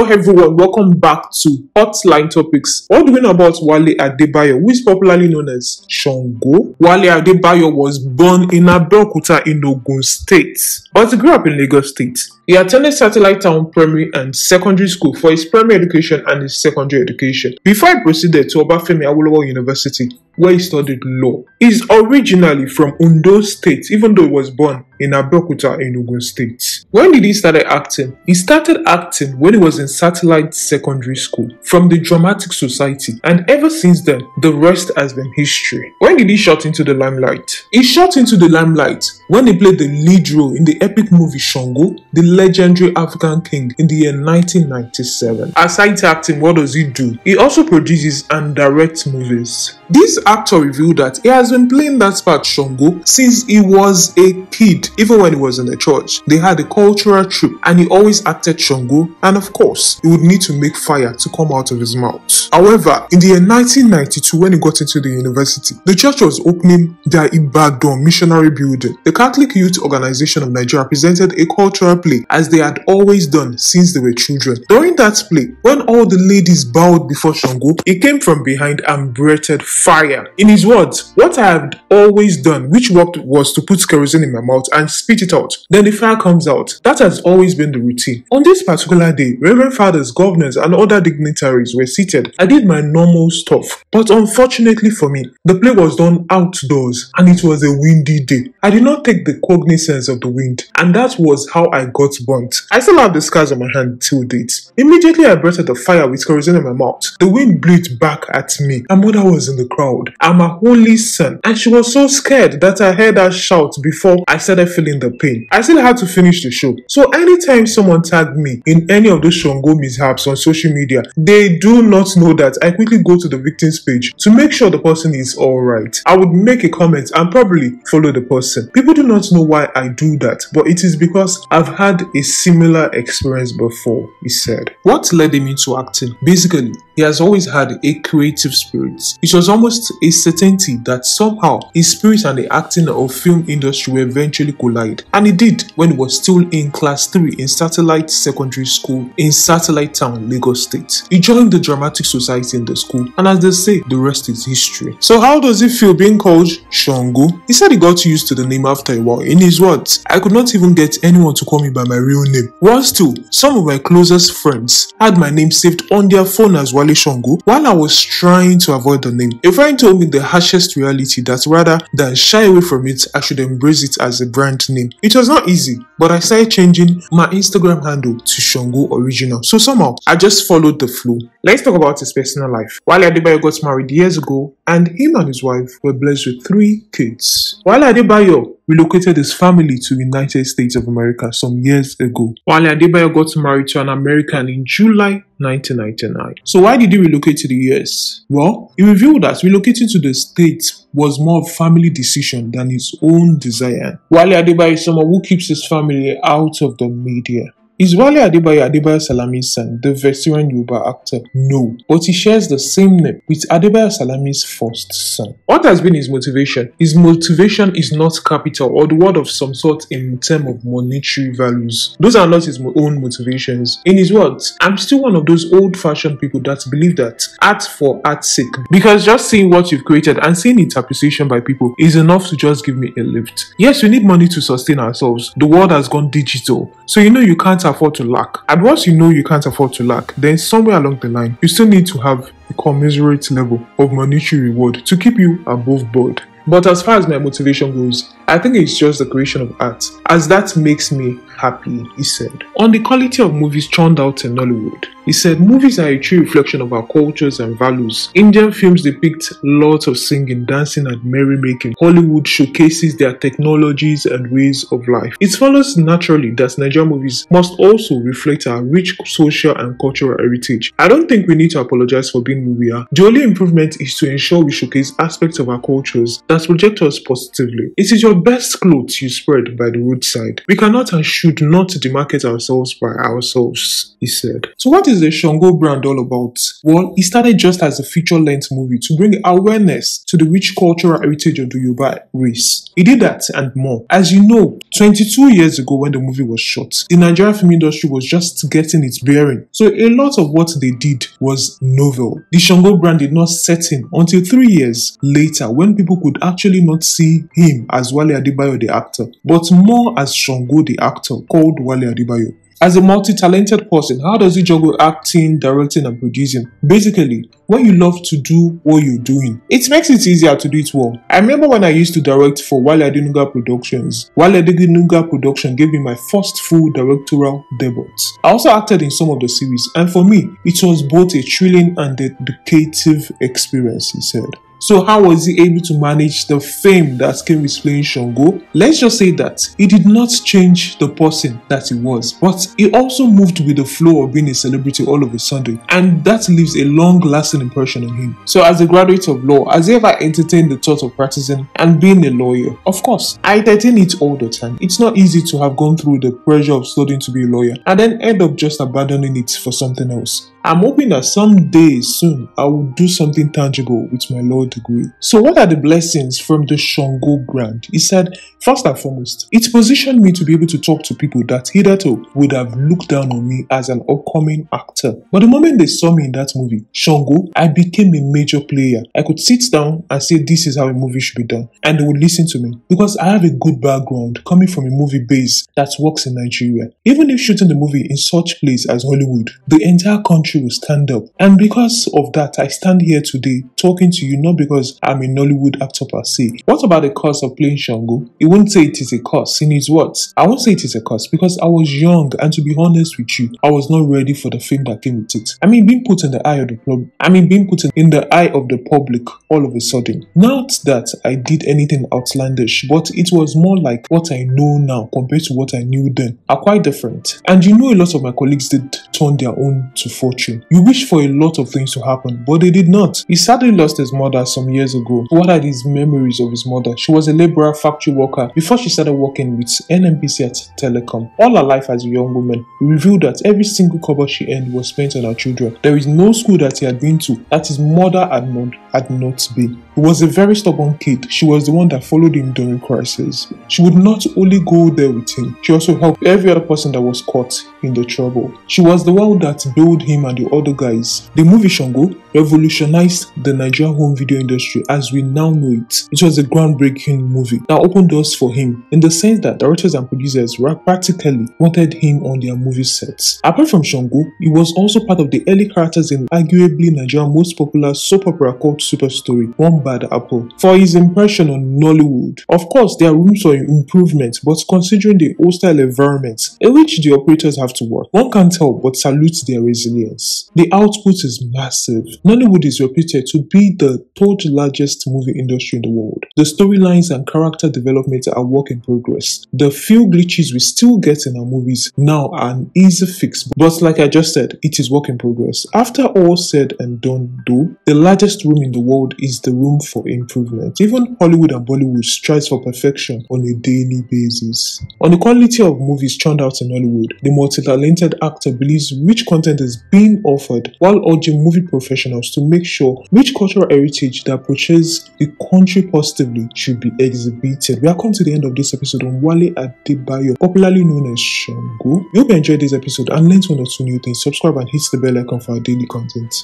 Hello everyone, welcome back to Hotline Topics. What do we know about Wale Adebayo, who is popularly known as Shango? Wale Adebayo was born in Abeokuta in Ogun State, but he grew up in Lagos State. He attended Satellite Town Primary and Secondary School for his primary education and his secondary education before he proceeded to Obafemi Awolowo University, where he studied law. He is originally from Ondo State, even though he was born in Abeokuta, Ogun State. When did he start acting? He started acting when he was in Satellite Secondary School from the Dramatic Society, and ever since then, the rest has been history. When did he shot into the limelight? He shot into the limelight when he played the lead role in the epic movie Shango, the legendary African king in the year 1997. Aside acting, what does he do? He also produces and directs movies. This actor revealed that he has been playing that part Shango since he was a kid, even when he was in the church. They had a cultural trip and he always acted Shango and of course, he would need to make fire to come out of his mouth. However, in the year 1992 when he got into the university, the church was opening their Ibadan missionary building. The Catholic Youth Organization of Nigeria presented a cultural play as they had always done since they were children. During that play, when all the ladies bowed before Shango, he came from behind and breathed fire. In his words, what I had always done, which worked was to put kerosene in my mouth and spit it out. Then the fire comes out. That has always been the routine. On this particular day, Reverend Fathers, governors, and other dignitaries were seated. I did my normal stuff, but unfortunately for me, the play was done outdoors and it was a windy day. I did not take the cognizance of the wind. And that was how I got burnt. I still have the scars on my hand till date. Immediately I breathed the fire with kerosene in my mouth. The wind blew it back at me. My mother was in the crowd. I'm a holy son. And she was so scared that I heard her shout before I started feeling the pain. I still had to finish the show. So anytime someone tagged me in any of those Shongo mishaps on social media, they do not know that I quickly go to the victim's page to make sure the person is alright. I would make a comment and probably follow the person. People do not know why I do that, but it is because I've had a similar experience before, he said. What led him into acting? Basically, he has always had a creative spirit. It was almost a certainty that somehow his spirit and the acting of film industry will eventually collide, and it did when he was still in class 3 in Satellite Secondary School in Satellite Town, Lagos State. He joined the Dramatic Society in the school, and as they say, the rest is history. So how does it feel being called Shango? He said he got used to the name after a while. In his words, I could not even get anyone to call me by my real name. Once too, some of my closest friends had my name saved on their phone as well Olawale while I was trying to avoid the name. A friend told me the harshest reality that rather than shy away from it, I should embrace it as a brand name. It was not easy, but I started changing my Instagram handle to Shango Original. So somehow, I just followed the flow. Let's talk about his personal life. Wale Adebayo got married years ago and him and his wife were blessed with three kids. While Adebayo relocated his family to the United States of America some years ago. while Adebayo got married to an American in July 1999. So why did he relocate to the US? Well, he revealed that relocating to the States was more of family decision than his own desire. While Adebayo is someone who keeps his family out of the media. Is Wale Adebayo Adebayo Salami's son, the veteran Yuba actor? No, but he shares the same name with Adebayo Salami's first son. What has been his motivation? His motivation is not capital or the word of some sort in terms of monetary values. Those are not his own motivations. In his words, I'm still one of those old-fashioned people that believe that art for art's sake. Because just seeing what you've created and seeing its appreciation by people is enough to just give me a lift. Yes, we need money to sustain ourselves. The world has gone digital, so you know you can't afford to lack. And once you know you can't afford to lack, then somewhere along the line, you still need to have a commensurate level of monetary reward to keep you above board. But as far as my motivation goes, I think it's just the creation of art, as that makes me happy, he said. On the quality of movies churned out in Nollywood, he said, Movies are a true reflection of our cultures and values. Indian films depict lots of singing, dancing, and merrymaking. Hollywood showcases their technologies and ways of life. It follows naturally that Nigerian movies must also reflect our rich social and cultural heritage. I don't think we need to apologize for being who we are. The only improvement is to ensure we showcase aspects of our cultures that project us positively. It is your best clothes you spread by the roadside. We cannot and should not demarket ourselves by ourselves, he said. So, what is the Shango brand all about? Well, it started just as a feature length movie to bring awareness to the rich cultural heritage of the Yoruba race. It did that and more. As you know, 22 years ago when the movie was shot, the Nigerian film industry was just getting its bearing. So a lot of what they did was novel. The Shango brand did not set in until three years later when people could actually not see him as Wale Adibayo the actor, but more as Shango the actor called Wale Adibayo. As a multi-talented person, how does he juggle acting, directing and producing? Basically, when you love to do what you're doing, it makes it easier to do it well. I remember when I used to direct for Wale Adenuga Productions. Wale Adenuga Production gave me my first full directorial debut. I also acted in some of the series and for me, it was both a thrilling and educative experience, he said. So how was he able to manage the fame that came with playing Shango? Let's just say that he did not change the person that he was, but he also moved with the flow of being a celebrity all of a sudden, and that leaves a long-lasting impression on him. So as a graduate of law, has he ever entertained the thought of practicing and being a lawyer? Of course, I entertain it all the time. It's not easy to have gone through the pressure of studying to be a lawyer and then end up just abandoning it for something else. I'm hoping that someday soon I will do something tangible with my law degree. So, what are the blessings from the Shango grant? He said, first and foremost, it positioned me to be able to talk to people that hitherto would have looked down on me as an upcoming actor. But the moment they saw me in that movie, Shango, I became a major player. I could sit down and say, This is how a movie should be done, and they would listen to me because I have a good background coming from a movie base that works in Nigeria. Even if shooting the movie in such place as Hollywood, the entire country country will stand up. And because of that, I stand here today talking to you not because I'm a Nollywood actor per se. What about the cost of playing Shango? He won't say it is a cost in his words. I won't say it is a cost because I was young and to be honest with you, I was not ready for the fame that came with it. I mean, being put in the eye of the pub, I mean, being put in the eye of the public all of a sudden. Not that I did anything outlandish, but it was more like what I know now compared to what I knew then are quite different. And you know, a lot of my colleagues did turn their own to fortune country. You wish for a lot of things to happen, but they did not. He sadly lost his mother some years ago. What are these memories of his mother? She was a laborer factory worker before she started working with NMPC at Telecom. All her life as a young woman, revealed that every single cover she earned was spent on her children. There is no school that he had been to that his mother had not, had not been. He was a very stubborn kid. She was the one that followed him during crisis. She would not only go there with him, she also helped every other person that was caught in the trouble. She was the one that bailed him and the other guys. The movie Shango revolutionized the Nigerian home video industry as we now know it. It was a groundbreaking movie that opened doors for him in the sense that directors and producers practically wanted him on their movie sets. Apart from Shango, he was also part of the early characters in arguably Nigeria's most popular soap opera called Super Story, One Bad Apple, for his impression on Nollywood. Of course, there are rooms for improvement, but considering the hostile environment in which the operators have to work, one can not help but salute their resilience. The output is massive. Nollywood is reputed to be the third largest movie industry in the world. The storylines and character development are work in progress. The few glitches we still get in our movies now are an easy fix, but like I just said, it is work in progress. After all said and done though, the largest room in the world is the room for improvement. Even Hollywood and Bollywood strives for perfection on a daily basis. On the quality of movies churned out in Hollywood, the multi-talented actor believes which content is being offered while urging movie professionals professionals to make sure which cultural heritage that portrays the country positively should be exhibited. We are coming to the end of this episode on Wale Adebayo, popularly known as Shango. We hope you enjoyed this episode and learned one or two new things. Subscribe and hit the bell icon for our daily content.